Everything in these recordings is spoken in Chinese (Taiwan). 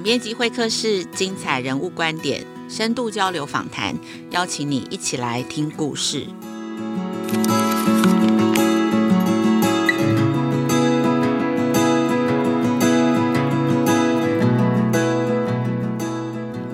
總編輯會客室，精彩人物觀點，深度交流訪談，邀請你一起來聽故事。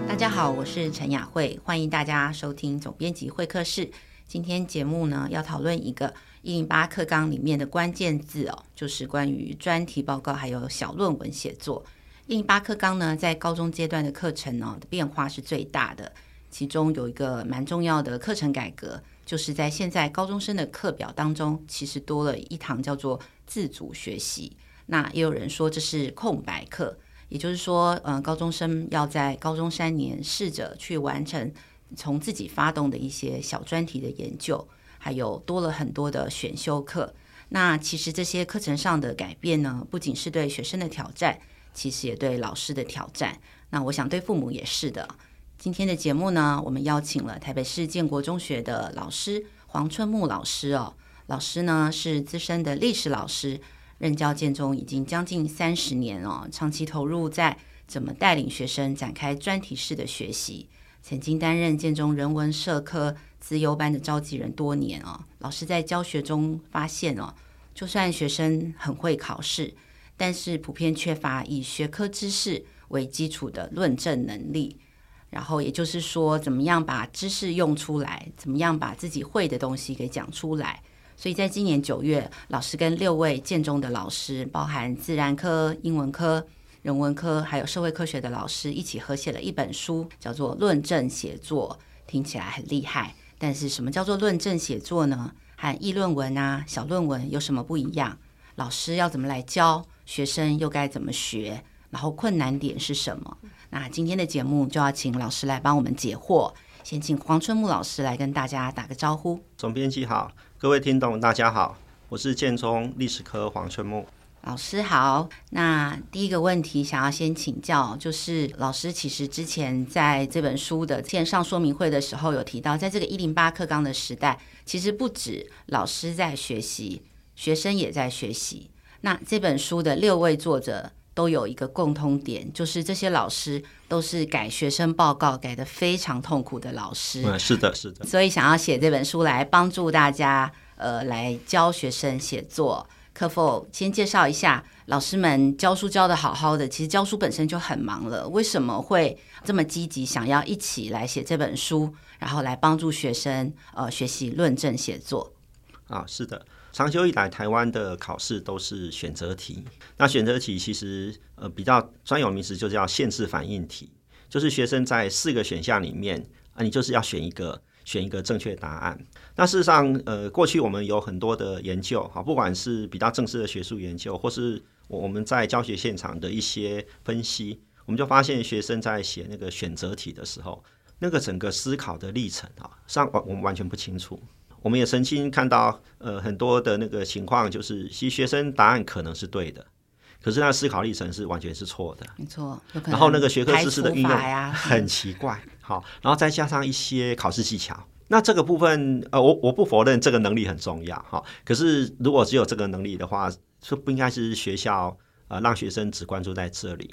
大家好，我是陳雅慧，歡迎大家收聽總編輯會客室。今天節目呢，要討論一個一零八課綱裡面的關鍵字哦，就是關於專題報告還有小論文寫作。印巴克剛呢，在高中階段的課程呢變化是最大的。其中有一個蠻重要的課程改革，就是在現在高中生的課表當中，其實多了一堂叫做自主學習。那也有人說這是空白課，也就是說，呃，高中生要在高中三年試着去完成從自己發動的一些小專題的研究，還有多了很多的選修課。那其實這些課程上的改變呢，不僅是對學生的挑戰。其實也對老師的挑戰。那我想對父母也是的。今天的節目呢，我們邀請了台北市建國中學的老師黃春木老師哦。老師呢是資深的歷史老師，任教建中已經將近三十年哦，長期投入在怎麼帶領學生展開專題式的學習。曾經擔任建中人文社科資優班的召集人多年哦。老師在教學中發現哦，就算學生很會考試，但是普遍缺乏以學科知識為基礎的論證能力，然後也就是說，怎麼樣把知識用出來，怎麼樣把自己會的東西給講出來。所以在今年九月，老師跟六位建中的老師，包含自然科、英文科、人文科，還有社會科學的老師一起合寫了一本書，叫做《論證寫作》。聽起來很厲害，但是什麼叫做論證寫作呢？和議論文啊、小論文有什麼不一樣？老師要怎麼來教？學生又該怎麼學？然後困難點是什麼？那今天的節目就要請老師來幫我們解惑。先請黃春木老師來跟大家打個招呼。總編輯好，各位聽眾大家好，我是建中歷史科黃春木。老師好，那第一個問題想要先請教，就是老師其實之前在這本書的線上說明會的時候有提到，在這個一零八課綱的時代，其實不止老師在學習，學生也在學習。那這本書的六位作者都有一個共通點，就是這些老師都是改學生報告改得非常痛苦的老師。嗯，是的，是的。所以想要寫這本書來幫助大家，呃，來教學生寫作。可否先介紹一下，老師們教書教得好好的，其實教書本身就很忙了，為什麼會這麼積極，想要一起來寫這本書，然後來幫助學生呃學習論證寫作？啊，是的。長久以來，台灣的考試都是選擇題。那選擇題其實呃比較專有名詞就叫限制反應題，就是學生在四個選項裡面啊，你就是要選一個，選一個正確答案。那事實上，呃，過去我們有很多的研究，哈，不管是比較正式的學術研究，或是我我們在教學現場的一些分析，我們就發現學生在寫那個選擇題的時候，那個整個思考的歷程啊，實際上我們完全不清楚。我們也曾經看到，呃，很多的那個情況，就是其實學生答案可能是對的，可是他的思考歷程是完全是錯的。沒錯，然後那個學科知識的運用很奇怪、嗯。好，然後再加上一些考試技巧。那這個部分，呃，我我不否認這個能力很重要。哈、哦，可是如果只有這個能力的話，就不應該是學校啊、呃、讓學生只關注在這裡。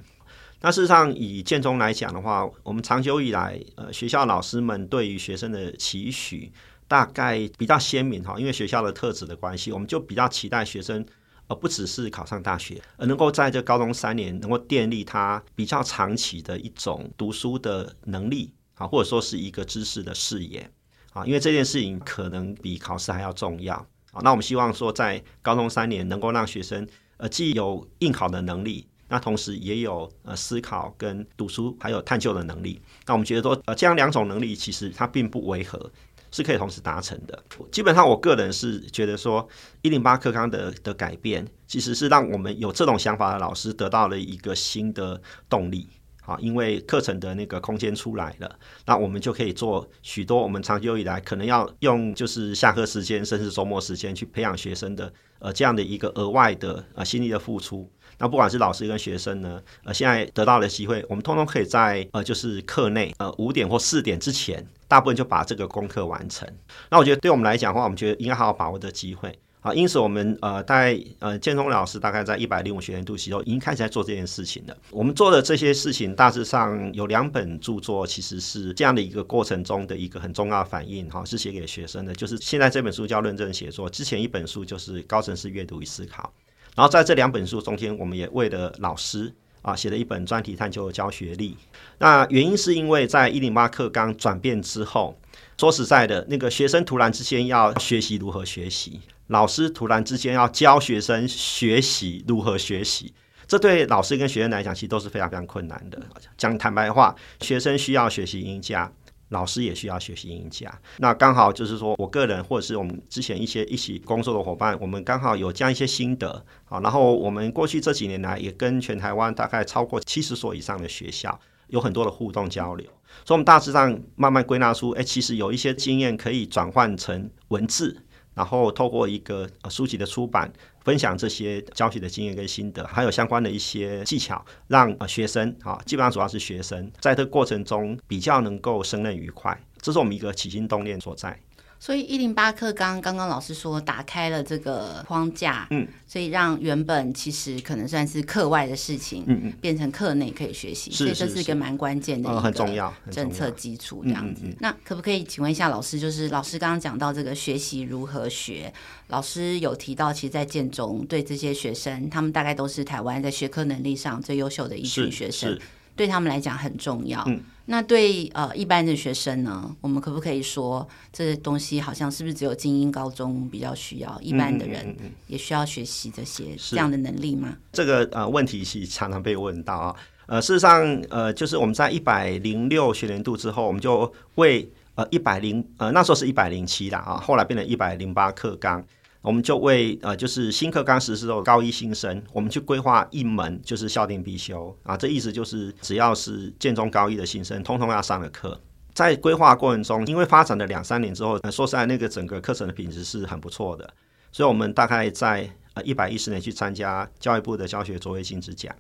那事實上，以建中來講的話，我們長久以來，呃，學校老師們對於學生的期許。大概比較鮮明哈，因為學校的特質的關係，我們就比較期待學生，而不只是考上大學，而能夠在這高中三年能夠建立他比較長期的一種讀書的能力啊，或者說是一個知識的視野啊，因為這件事情可能比考試還要重要啊。那我們希望說，在高中三年能夠讓學生呃既有應考的能力，那同時也有呃思考跟讀書還有探究的能力。那我們覺得說，呃，這樣兩種能力其實它並不違和。是可以同時達成的。基本上，我個人是覺得說108，一零八課綱的的改變，其實是讓我們有這種想法的老師得到了一個新的動力。好，因為課程的那個空間出來了，那我們就可以做許多我們長久以來可能要用就是下課時間，甚至周末時間去培養學生的呃這樣的一個額外的呃心力的付出。那不管是老師跟學生呢，呃，現在得到的機會，我們通通可以在呃就是課內呃五點或四點之前，大部分就把這個功課完成。那我覺得對我們來講的話，我們覺得應該好好把握這機會啊。因此，我們呃，大概呃，建中老師大概在一百零五學年度的時候，已經開始在做這件事情了。我們做的這些事情，大致上有兩本著作，其實是這樣的一個過程中的一個很重要反應哈、哦，是寫給學生的，就是現在這本書叫論證寫作，之前一本書就是高層次閱讀與思考。然後在這兩本書中間，我們也為了老師。啊，寫了一本專題探究教學力。那原因是因為在一零八課綱轉變之後，說實在的，那個學生突然之間要學習如何學習，老師突然之間要教學生學習如何學習，這對老師跟學生來講，其實都是非常非常困難的。講坦白話，學生需要學習贏家。老師也需要學習英語。那剛好就是說我個人，或者是我們之前一些一起工作的夥伴，我們剛好有這樣一些心得啊。然後我們過去這幾年來，也跟全台灣大概超過七十所以上的學校，有很多的互動交流。所以，我們大致上慢慢歸納出，哎、欸，其實有一些經驗可以轉換成文字，然後透過一個書籍的出版。分享這些教學的經驗跟心得，還有相關的一些技巧，讓學生啊，基本上主要是學生，在這個過程中比較能夠勝任愉快，這是我們一個起心動念所在。所以一零八課綱剛剛老師說打開了這個框架，嗯，所以讓原本其實可能算是課外的事情，嗯，變成課內可以學習，所以這是一個蠻關鍵的一個政策基礎這樣子，嗯嗯。那可不可以請問一下老師，就是老師剛剛講到這個學習如何學，老師有提到其實在建中對這些學生，他們大概都是台灣在學科能力上最優秀的一群學生。對他們來講很重要。嗯、那對呃一般的學生呢，我們可不可以說這個、東西好像是不是只有精英高中比較需要？一般的人也需要學習這些這樣的能力嗎？嗯、這個呃問題是常常被問到啊。呃，事實上呃就是我們在一百零六學年度之後，我們就為呃一百零呃那時候是一百零七的啊，後來變成一百零八課綱。我們就為呃，就是新課綱實施後的高一新生，我們去規劃一門就是校訂必修啊，這意思就是只要是建中高一的新生，通通要上的課。在規劃過程中，因為發展了兩三年之後，呃、說實在，那個整個課程的品質是很不錯的。所以我們大概在呃一百一十年去參加教育部的教學卓越銀質獎。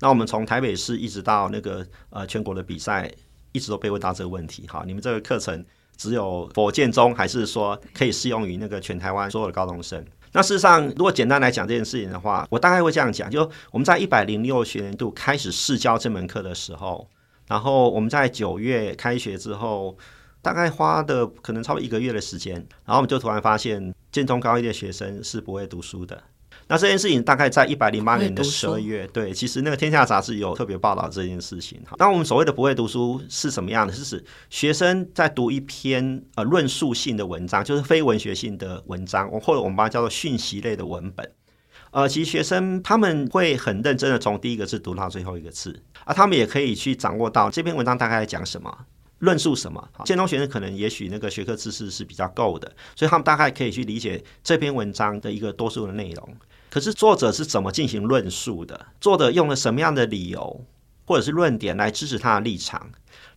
那我們從台北市一直到那個呃全國的比賽，一直都被問到這個問題，好，你們這個課程。只有建中，還是說可以適用於那個全台灣所有的高中生？那事實上，如果簡單來講這件事情的話，我大概會這樣講，就我們在一百零六學年度開始試教這門課的時候，然後我們在九月開學之後，大概花的可能差不多一個月的時間，然後我們就突然發現，建中高一的學生是不會讀書的。那這件事情大概在一百零八年的十二月，對，其實那個《天下》雜誌有特別報道這件事情。哈，那我們所謂的不會讀書是什麼樣的？是指學生在讀一篇呃論述性的文章，就是非文學性的文章，或者我們把它叫做訊息類的文本。呃，其實學生他們會很認真的從第一個字讀到最後一個字，而他們也可以去掌握到這篇文章大概在講什麼。論述什麼？建中學生可能也許那個學科知識是比較夠的，所以他們大概可以去理解這篇文章的一個多數的內容。可是作者是怎麼進行論述的？作者用了什麼樣的理由或者是論點來支持他的立場？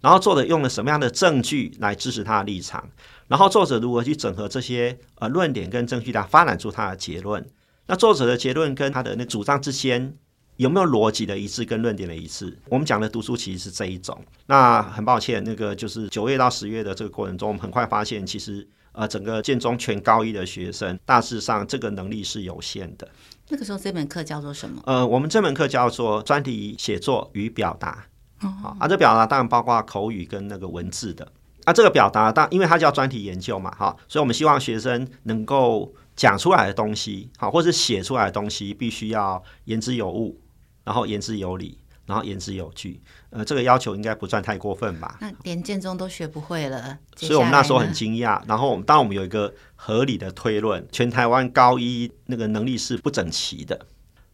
然後作者用了什麼樣的證據來支持他的立場？然後作者如何去整合這些呃論點跟證據來發展出他的結論？那作者的結論跟他的那主張之間？有沒有邏輯的一致跟論點的一致？我們講的讀書其實是這一種。那很抱歉，那個就是九月到十月的這個過程中，我們很快發現，其實呃，整個建中全高一的學生大致上這個能力是有限的。那個時候這門課叫做什麼？呃，我們這門課叫做專題寫作與表達。哦，好，啊，這表達當然包括口語跟那個文字的。啊，這個表達，當因為它叫專題研究嘛，哈，所以我們希望學生能夠講出來的東西，好，或是寫出來的東西，必須要言之有物。然後言之有理，然後言之有據，呃，這個要求應該不算太過分吧？那連建中都學不會了，所以我們那時候很驚訝。然後我們當我們有一個合理的推論，全台灣高一那個能力是不整齊的。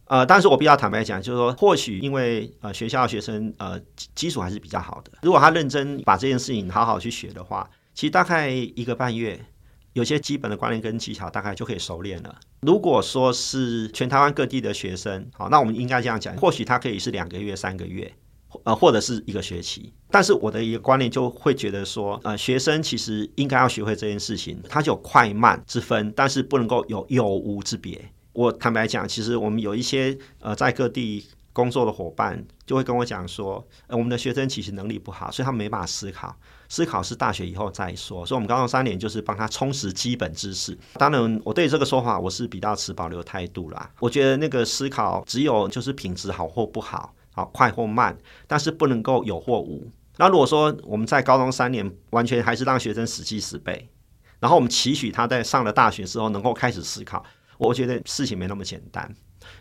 呃，但是我比較坦白講，就是說，或許因為呃學校學生呃基礎還是比較好的，如果他認真把這件事情好好去學的話，其實大概一個半月。有些基本的觀念跟技巧，大概就可以熟練了。如果說是全台灣各地的學生，好，那我們應該這樣講，或許他可以是兩個月、三個月，呃，或者是一個學期。但是我的一個觀念就會覺得說，呃，學生其實應該要學會這件事情，它就有快慢之分，但是不能夠有有無之別。我坦白講，其實我們有一些呃，在各地。工作的夥伴就會跟我講說，呃，我們的學生其實能力不好，所以他沒辦法思考，思考是大學以後再說。所以，我們高中三年就是幫他充實基本知識。當然，我對這個說法我是比較持保留態度啦。我覺得那個思考只有就是品質好或不好，好快或慢，但是不能夠有或無。那如果說我們在高中三年完全還是讓學生死記死背，然後我們期許他在上了大學之後能夠開始思考，我覺得事情沒那麼簡單。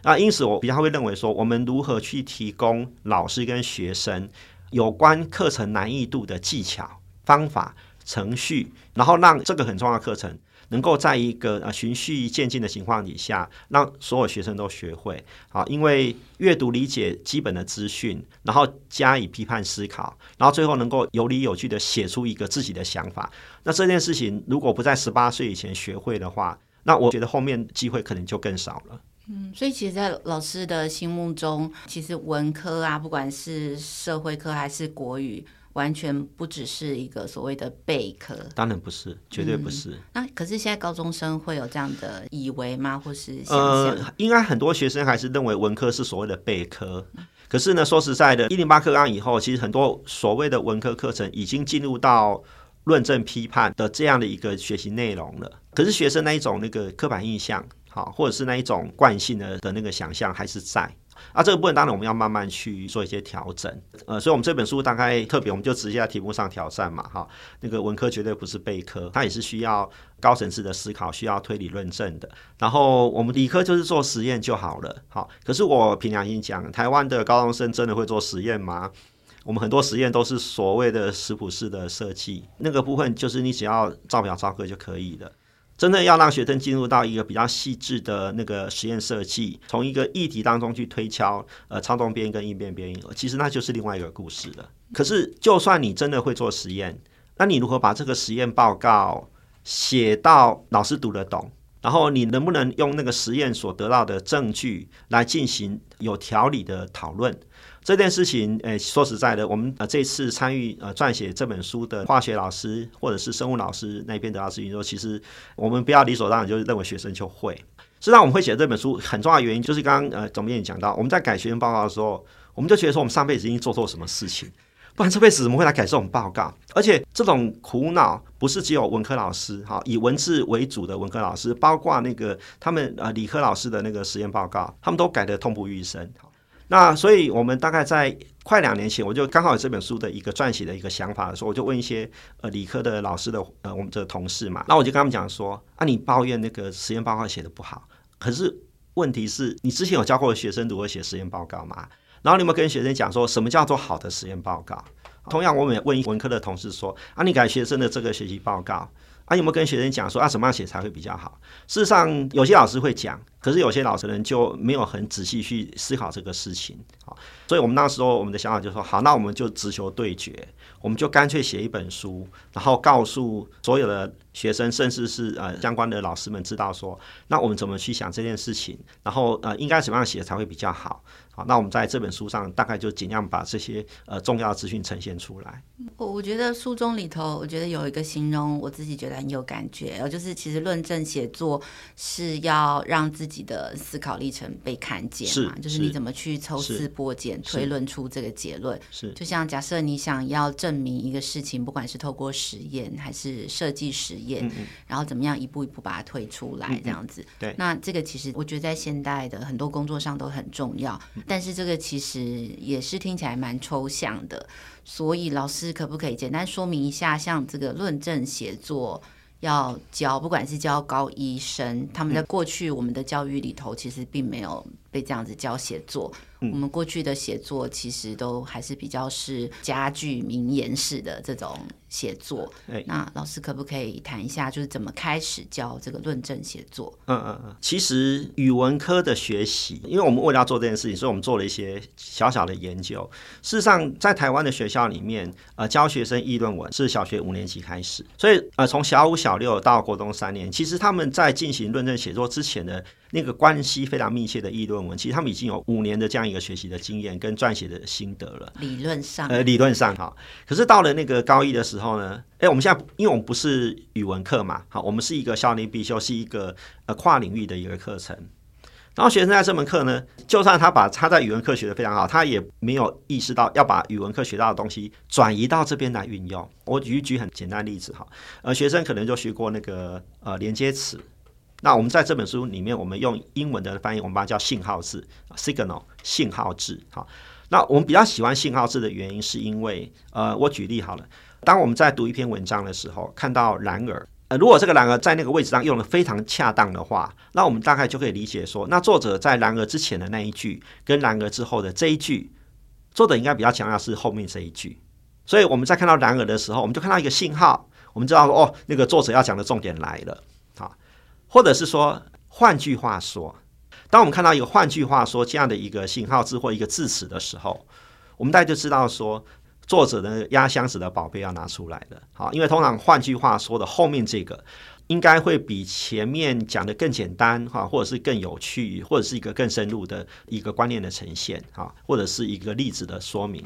那因此我比較會認為說，我們如何去提供老師跟學生有關課程難易度的技巧、方法、程序，然後讓這個很重要的課程能夠在一個啊循序漸進的情況底下，讓所有學生都學會。好，因為閱讀理解基本的資訊，然後加以批判思考，然後最後能夠有理有據的寫出一個自己的想法。那這件事情如果不在十八歲以前學會的話，那我覺得後面機會可能就更少了。嗯、所以其實，在老師的心目中，其實文科啊，不管是社會科還是國語，完全不只是一個所謂的背科。當然不是，絕對不是、嗯。那可是現在高中生會有這樣的以為嗎？或是想象呃，應該很多學生還是認為文科是所謂的背科、嗯。可是呢，說實在的，一零八課綱以後，其實很多所謂的文科課程已經進入到論證批判的這樣的一個學習內容了。可是學生那一種那個刻板印象。好，或者是那一種慣性的的那個想象還是在啊，這個部分當然我們要慢慢去做一些調整。呃，所以我們這本書大概特別，我們就直接在題目上挑戰嘛，哈。那個文科絕對不是背科，它也是需要高層次的思考，需要推理論證的。然後我們理科就是做實驗就好了，好。可是我憑良心講，台灣的高中生真的會做實驗嗎？我們很多實驗都是所謂的食譜式的設計，那個部分就是你只要照表操課就可以了。真的要讓學生進入到一個比較細緻的那個實驗設計，從一個議題當中去推敲，呃，操縱邊跟應變邊，其實那就是另外一個故事了。可是，就算你真的會做實驗，那你如何把這個實驗報告寫到老師讀得懂？然後，你能不能用那個實驗所得到的證據來進行有條理的討論？這件事情，誒，說實在的，我們呃這次參與呃撰寫這本書的化學老師或者是生物老師那邊的老師，就說，其實我們不要理所當然就是認為學生就會。事實上，我們會寫這本書很重要的原因就是剛剛呃總編輯講到，我們在改學生報告的時候，我們就覺得說我們上輩子已經做錯了什麼事情，不然這輩子怎麼會來改這種報告？而且這種苦惱不是只有文科老師，以文字為主的文科老師，包括那個他們理科老師的那個實驗報告，他們都改得痛不欲生，那所以，我們大概在快兩年前，我就剛好有這本書的一個撰寫的一個想法的時候，我就問一些呃理科的老師的呃我們的同事嘛，然後我就跟他們講說：，啊，你抱怨那個實驗報告寫得不好，可是問題是你之前有教過學生如何寫實驗報告嗎？然後你有沒有跟學生講說什麼叫做好的實驗報告？同樣，我們也問文科的同事說：，啊，你改學生的這個學習報告。他、啊、有沒有跟學生講說啊，怎麼樣寫才會比較好？事實上，有些老師會講，可是有些老師呢就沒有很仔細去思考這個事情啊。所以我們那時候我們的想法就是說，好，那我們就直球對決，我們就乾脆寫一本書，然後告訴所有的。學生甚至是呃相關的老師們知道說，那我們怎麼去想這件事情？然後呃應該怎麼樣寫才會比較好？好，那我們在這本書上大概就盡量把這些呃重要的資訊呈現出來。我我覺得書中裡頭，我覺得有一個形容我自己覺得很有感覺，就是其實論證寫作是要讓自己的思考歷程被看見嘛，是，就是你怎麼去抽絲剝繭推論出這個結論。是，就像假設你想要證明一個事情，不管是透過實驗還是設計實驗。嗯嗯，然後怎麼樣一步一步把它推出來，這樣子，嗯。嗯、對，那這個其實我覺得在現代的很多工作上都很重要，但是這個其實也是聽起來蠻抽象的。所以老師可不可以簡單說明一下，像這個論證寫作要教，不管是教高醫生，他們在過去我們的教育裡頭其實並沒有被這樣子教寫作，我們過去的寫作其實都還是比較是佳句名言式的這種寫作。那老師可不可以談一下，就是怎麼開始教這個論證寫作？嗯嗯嗯。其實語文科的學習，因為我們為了要做這件事情，所以我們做了一些小小的研究。事實上，在台灣的學校裡面，呃，教學生議論文是小學五年級開始，所以呃，從小五小六到國中三年，其實他們在進行論證寫作之前呢。那個關係非常密切的議論文，其實他們已經有五年的這樣一個學習的經驗跟撰寫的心得了。理論上，呃，理論上哈，可是到了那個高一的時候呢，哎，我們現在因為我們不是語文課嘛，哈，我們是一個校內必修，是一個呃跨領域的一個課程。然後學生在這門課呢，就算他把他在語文課學的非常好，他也沒有意識到要把語文課學到的東西轉移到這邊來運用。我舉舉很簡單例子哈，呃，學生可能就學過那個呃連接詞。那我們在這本書裡面，我們用英文的翻譯，我們把它叫信號字 （signal 信號字）好，那我們比較喜歡信號字的原因，是因為呃，我舉例好了。當我們在讀一篇文章的時候，看到然而，呃，如果這個然而在那個位置上用得非常恰當的話，那我們大概就可以理解說，那作者在然而之前的那一句，跟然而之後的這一句，作者應該比較強調是後面這一句。所以，我們在看到然而的時候，我們就看到一個信號，我們知道哦，那個作者要講的重點來了。或者是說，換句話說，當我們看到一個“換句話說”這樣的一個信號字或一個字詞的時候，我們大家就知道說，作者的壓箱子的寶貝要拿出來了。好，因為通常“換句話說”的後面這個，應該會比前面講的更簡單，哈，或者是更有趣，或者是一個更深入的一個觀念的呈現，哈，或者是一個例子的說明。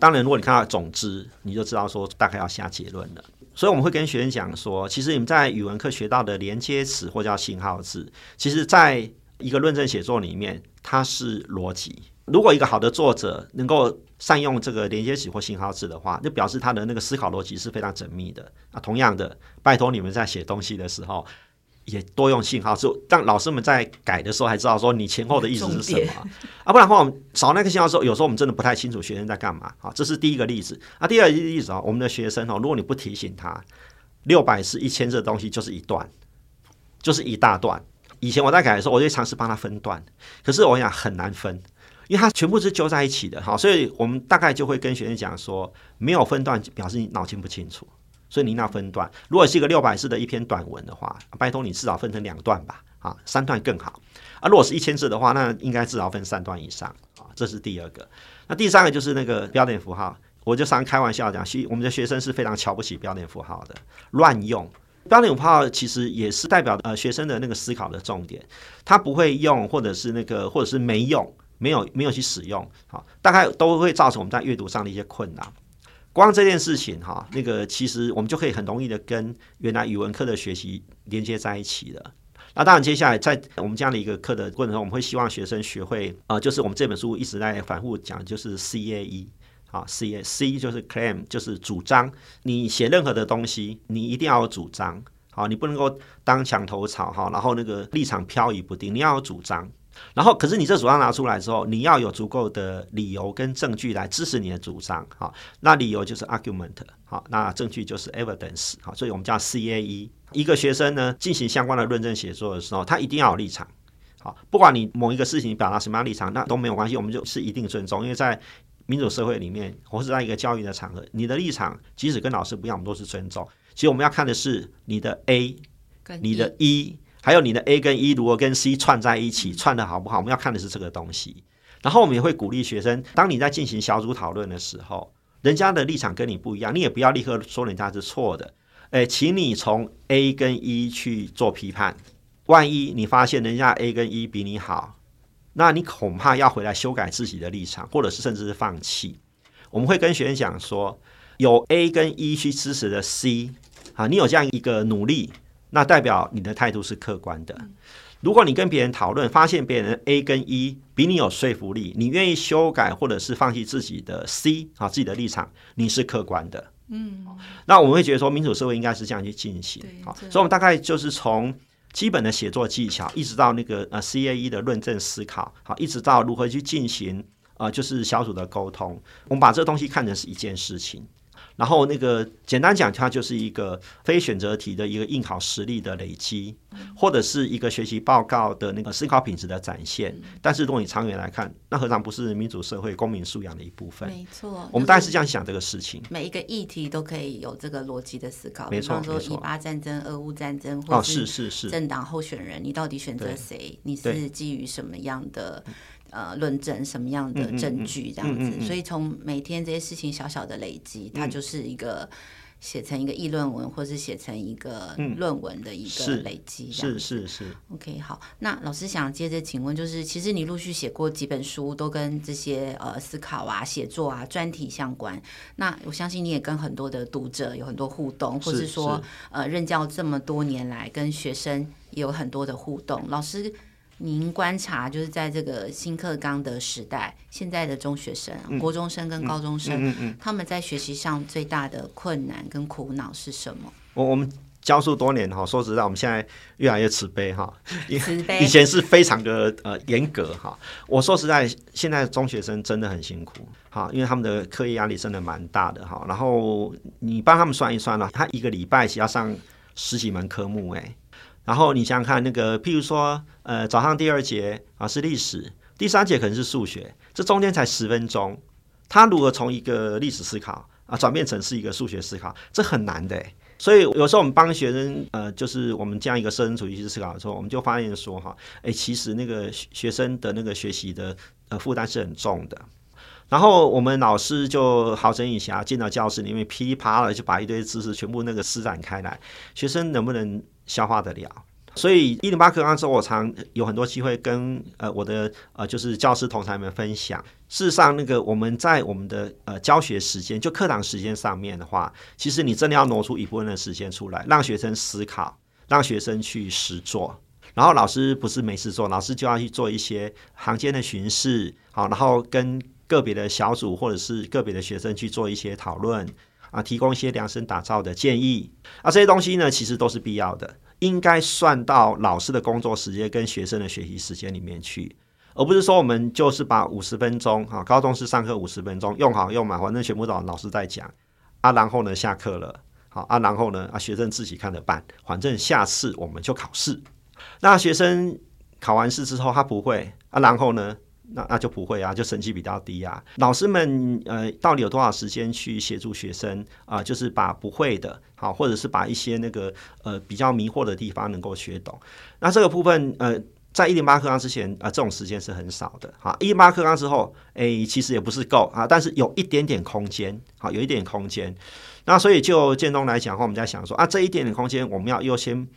當然，如果你看到“總之”，你就知道說，大概要下結論了。所以我們會跟學生講說，其實你們在語文課學到的連接詞或叫信號字，其實在一個論證寫作裡面，它是邏輯。如果一個好的作者能夠善用這個連接詞或信號字的話，就表示他的那個思考邏輯是非常縝密的啊。同樣的，拜託你們在寫東西的時候，也多用信號，就讓老師們在改的時候還知道說你前後的意思是什麼啊，不然的話我們少那個信號的時候，有時候我們真的不太清楚學生在幹嘛啊。這是第一個例子啊。第二個例子啊，我們的學生哦，如果你不提醒他，六百字一千字的東西就是一段，就是一大段。以前我在改的時候，我就嘗試幫他分段，可是我想很難分，因為它全部是揪在一起的哈。所以我們大概就會跟學生講說，沒有分段表示你腦筋不清楚。所以你那分段，如果是一個六百字的一篇短文的話，拜託你至少分成兩段吧，啊，三段更好。啊，如果是一千字的話，那應該至少分三段以上，啊，這是第二個。那第三個就是那個標點符號，我就常開玩笑講，學我們的學生是非常瞧不起標點符號的，亂用標點符號其實也是代表呃學生的那個思考的重點，他不會用或者是那個或者是沒用，沒有沒有去使用，好，啊，大概都會造成我們在閱讀上的一些困難。光這件事情哈，那個其實我們就可以很容易的跟原來語文課的學習連接在一起了。那當然，接下來在我們這樣的一個課的過程中，我們會希望學生學會啊、呃，就是我們這本書一直在反复講，就是 C A E 啊，C A C 就是 claim，就是主張。你寫任何的東西，你一定要有主張，好，你不能夠當牆頭草哈，然後那個立場飄移不定，你要有主張。然後，可是你這主張拿出來之後，你要有足夠的理由跟證據來支持你的主張。好，那理由就是 argument 好，那證據就是 evidence 好，所以我們叫 CAE。一個學生呢，進行相關的論證寫作的時候，他一定要有立場。好，不管你某一個事情表達什麼樣立場，那都沒有關係，我們就是一定尊重。因為在民主社會裡面，或是在一個教育的場合，你的立場即使跟老師不一樣，我們都是尊重。其實我們要看的是你的 A，跟、E、你的 E。還有你的 A 跟 E，如果跟 C 串在一起，串得好不好？我們要看的是這個東西。然後我們也會鼓勵學生，當你在進行小組討論的時候，人家的立場跟你不一樣，你也不要立刻說人家是錯的。哎，請你從 A 跟 E 去做批判。萬一你發現人家 A 跟 E 比你好，那你恐怕要回來修改自己的立場，或者是甚至是放棄。我們會跟學生講說，有 A 跟 E 去支持的 C 啊，你有這樣一個努力。那代表你的態度是客觀的。如果你跟別人討論，發現別人 A 跟 E 比你有說服力，你願意修改或者是放棄自己的 C 啊，自己的立場，你是客觀的。嗯，那我們會覺得說，民主社會應該是這樣去進行。好，所以我們大概就是從基本的寫作技巧，一直到那個呃 C A E 的論證思考，好，一直到如何去進行啊，就是小組的溝通，我們把這個東西看成是一件事情。然後那個簡單講，它就是一個非選擇題的一個應考實力的累積，或者是一個學習報告的那個思考品質的展現。但是如果你長遠來看，那何嘗不是民主社會公民素養的一部分？沒錯，我們大概是這樣想這個事情。嗯、每一個議題都可以有這個邏輯的思考，比方說以巴戰爭、俄烏戰爭，或者是政黨候選人，哦、你到底選擇誰？你是基於什麼樣的？呃，論證什麼樣的證據這樣子？嗯嗯嗯嗯嗯、所以從每天這些事情小小的累積、嗯，它就是一個寫成一個議論文，或是寫成一個論文的一個累積、嗯。是是是，是。OK，好。那老師想接着請問，就是其實你陸續寫過幾本書，都跟這些呃思考啊、寫作啊、專題相關。那我相信你也跟很多的讀者有很多互動，或是說是是呃任教這麼多年來跟學生也有很多的互動。老師，您觀察，就是在這個新課綱的時代，現在的中學生、嗯、國中生跟高中生、嗯嗯嗯嗯，他們在學習上最大的困難跟苦惱是什麼？我我們教書多年哈，說實在，我們現在越來越慈悲哈，慈悲以前是非常的呃嚴格哈。我說實在，現在的中學生真的很辛苦哈，因為他們的課業壓力真的蠻大的哈。然後你幫他們算一算，他一個禮拜需要上十幾門科目哎。然後你想想看，那個譬如說，呃，早上第二節啊是歷史，第三節可能是數學，這中間才十分鐘，他如何從一個歷史思考啊轉變成是一個數學思考，這很難的。所以有時候我們幫學生，呃，就是我們這樣一個設身處地去思考的時候，我們就發現說，哈、啊，哎、欸，其實那個學生的那個學習的呃負擔是很重的。然後我們老師就好整以暇進到教室裡面，噼里啪啦就把一堆知識全部那個施展開來，學生能不能？消化得了，所以一零八課綱之後，我常有很多機會跟呃我的呃就是教師同仁們分享。事實上，那個我們在我們的呃教學時間，就課堂時間上面的話，其實你真的要挪出一部分的時間出來，讓學生思考，讓學生去實做。然後老師不是沒事做，老師就要去做一些行間的巡視，好、啊，然後跟個別的小組或者是個別的學生去做一些討論。啊，提供一些量身打造的建議，啊，這些東西呢，其實都是必要的，應該算到老師的工作時間跟學生的學習時間裡面去，而不是說我們就是把五十分鐘啊，高中是上課五十分鐘，用好用滿，反正全部都老師在講啊，然後呢，下課了，好啊，然後呢，啊，學生自己看着辦，反正下次我們就考試，那學生考完試之後他不會啊，然後呢？那那就不會啊，就成績比較低啊。老師們，呃，到底有多少時間去協助學生啊、呃？就是把不會的，好，或者是把一些那個呃比較迷惑的地方能夠學懂。那這個部分，呃，在一零八課綱之前，啊、呃，這種時間是很少的。好，一零八課綱之後，哎、欸，其實也不是夠啊，但是有一點點空間，好，有一點點空間。那所以就建中來講的話，我們在想說啊，這一點點空間，我們要優先。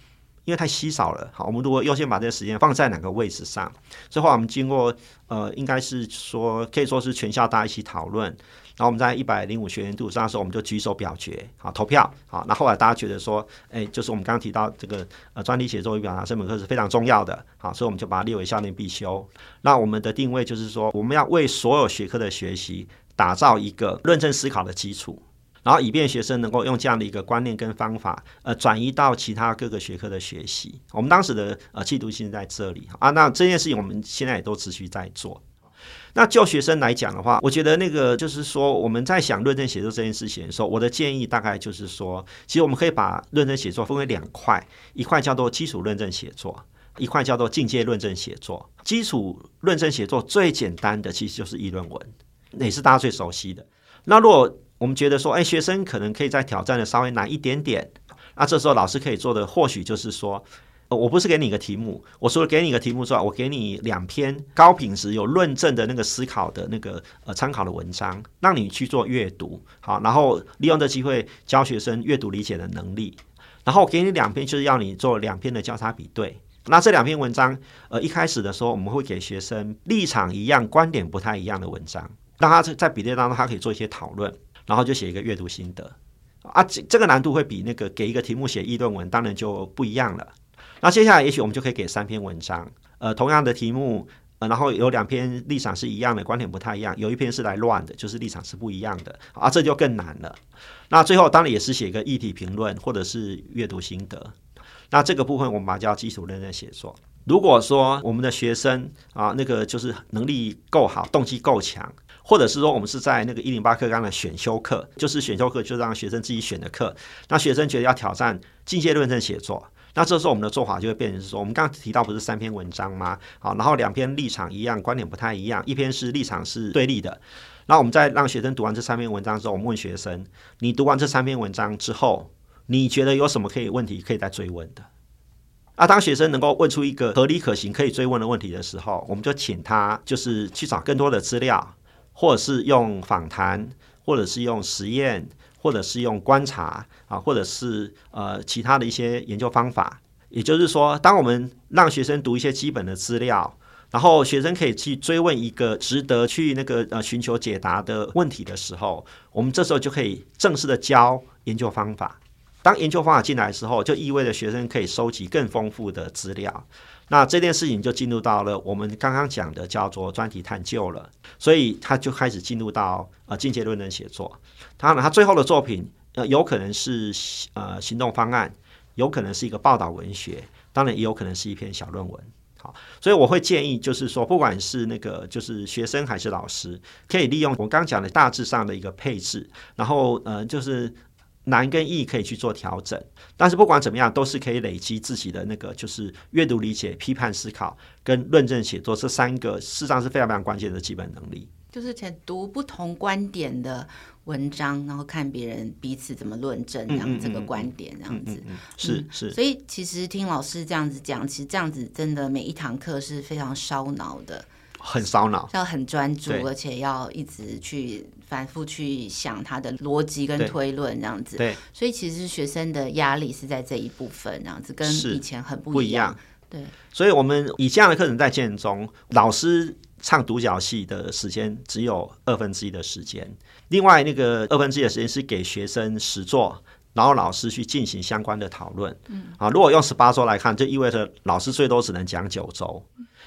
因為太稀少了，好，我們如果優先把這些時間放在哪個位置上？之後我們經過，呃，應該是說，可以說是全校大家一起討論，然後我們在一百零五學年度上的時候，我們就舉手表決，好，投票，好，那後來大家覺得說，哎、欸，就是我們剛剛提到這個、呃、專題寫作與表達這門課是非常重要的，好，所以我們就把它列為校內必修。那我們的定位就是說，我們要為所有學科的學習打造一個論證思考的基礎。然後以便學生能夠用這樣的一個觀念跟方法，呃，轉移到其他各個學科的學習。我們當時的呃，企圖心在，在這裡啊。那這件事情我們現在也都持續在做。那就學生來講的話，我覺得那個就是說，我們在想論證寫作這件事情的時候，我的建議大概就是說，其實我們可以把論證寫作分為兩塊，一塊叫做基礎論證寫作，一塊叫做進階論證寫作。基礎論證寫作最簡單的其實就是議論文，那也是大家最熟悉的。那如果我們覺得說，哎、欸，學生可能可以再挑戰的稍微難一點點。那這時候老師可以做的，或許就是說、呃，我不是給你一個題目，我說給你一個題目之後，我給你兩篇高品質、有論證的那個思考的那個呃參考的文章，讓你去做閱讀，好，然後利用這機會教學生閱讀理解的能力。然後給你兩篇，就是要你做兩篇的交叉比對。那這兩篇文章，呃，一開始的時候我們會給學生立場一樣、觀點不太一樣的文章，讓他在在比對當中，他可以做一些討論。然後就寫一個閱讀心得啊，這這個難度會比那個給一個題目寫議論文當然就不一樣了。那接下來也許我們就可以給三篇文章，呃，同樣的題目，呃、然後有兩篇立場是一樣的，觀點不太一樣，有一篇是來亂的，就是立場是不一樣的啊，這就更難了。那最後當然也是寫一個議題評論或者是閱讀心得。那這個部分我們把它叫基礎論證寫作。如果說我們的學生啊，那個就是能力夠好，動機夠強。或者是說，我們是在那個一零八課綱的選修課，就是選修課就是讓學生自己選的課。那學生覺得要挑戰進階論證寫作，那這時候我們的做法就會變成是說，我們剛剛提到不是三篇文章嗎？好，然後兩篇立場一樣，觀點不太一樣，一篇是立場是對立的。然後我們再讓學生讀完這三篇文章之後，我們問學生：你讀完這三篇文章之後，你覺得有什麼可以問題可以再追問的？啊，當學生能夠問出一個合理可行可以追問的問題的時候，我們就請他就是去找更多的資料。或者是用訪談，或者是用實驗，或者是用觀察啊，或者是呃其他的一些研究方法。也就是說，當我們讓學生讀一些基本的資料，然後學生可以去追問一個值得去那個呃尋求解答的問題的時候，我們這時候就可以正式的教研究方法。當研究方法進來的時候，就意味着學生可以收集更豐富的資料。那這件事情就進入到了我們剛剛講的叫做專題探究了。所以他就開始進入到呃進階論文寫作。他呢他最後的作品呃有可能是呃行動方案，有可能是一個報道文學，當然也有可能是一篇小論文。好，所以我會建議就是說，不管是那個就是學生還是老師，可以利用我剛講的大致上的一個配置，然後呃就是。難跟易可以去做調整，但是不管怎麼樣，都是可以累積自己的那個，就是閱讀理解、批判思考跟論證寫作這三個，事實上是非常非常關鍵的基本能力。就是且讀不同觀點的文章，然後看別人彼此怎麼論證、嗯嗯嗯、這樣這個觀點，這樣子嗯嗯嗯是、嗯、是。所以其實聽老師這樣子講，其實這樣子真的每一堂課是非常燒腦的，很燒腦，要很專注，而且要一直去。反復去想他的邏輯跟推論這樣子。對，對，所以其實學生的壓力是在這一部分，這樣子跟以前很不一、不一樣，對。所以我們以這樣的課程在建中，老師唱獨角戲的時間只有二分之一的時間，另外那個二分之一的時間是給學生實作，然後老師去進行相關的討論。嗯，啊，如果用十八周來看，就意味着老師最多只能講九周，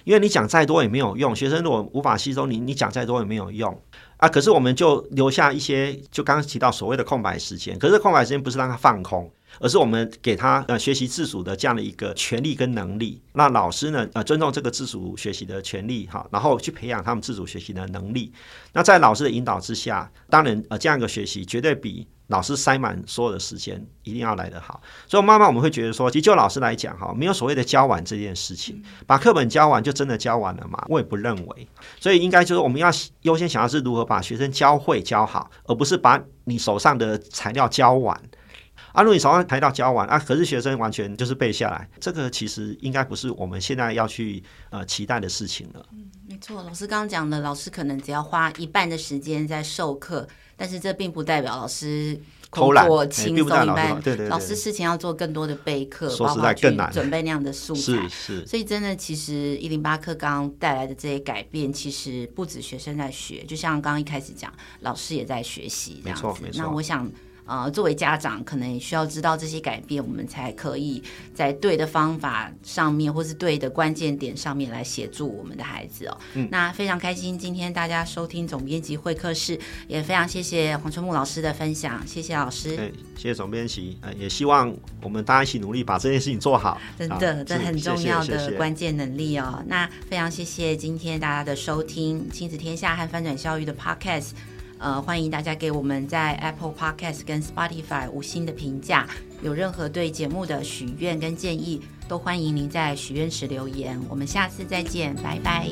因為你講再多也沒有用，學生如果無法吸收，你你講再多也沒有用。啊！可是我們就留下一些，就剛剛提到所謂的空白時間。可是空白時間不是讓他放空，而是我們給他呃學習自主的這樣的一個權利跟能力。那老師呢呃尊重這個自主學習的權利哈，然後去培養他們自主學習的能力。那在老師的引導之下，當然呃這樣一個學習絕對比，老師塞滿所有的時間，一定要來得好。所以慢慢我們會覺得說，其實就老師來講哈，沒有所謂的教完這件事情，把課本教完就真的教完了嘛？我也不認為。所以應該就是我們要優先想要是如何把學生教會教好，而不是把你手上的材料教完。啊，如果你稍微提到教完啊，可是學生完全就是背下來，這個其實應該不是我們現在要去呃期待的事情了。嗯，沒錯。老師剛剛講的，老師可能只要花一半的時間在授課，但是這並不代表老師偷懶輕鬆一半。對對，對，對。老師事情要做更多的備課，說實在更難準備那樣的素材。是是。所以真的，其實一零八課綱剛剛帶來的這些改變，其實不只學生在學，就像剛剛一開始講，老師也在學習。這樣子。沒錯，沒錯。那我想。啊、呃，作為家長，可能也需要知道這些改變，我們才可以在對的方法上面，或是對的關鍵點上面來協助我們的孩子哦。嗯，那非常開心，今天大家收聽總編輯會客室，也非常謝謝黃春木老師的分享，謝謝老師，對，謝謝總編輯。呃，也希望我們大家一起努力，把這件事情做好。真的，啊、這很重要的關鍵能力哦，謝謝謝謝。那非常謝謝今天大家的收聽《親子天下》和翻轉教育的 Podcast。呃，歡迎大家給我們在 Apple Podcast 跟 Spotify 五星的評價，有任何對節目的許願跟建議，都歡迎您在許願池留言。我們下次再見，拜拜。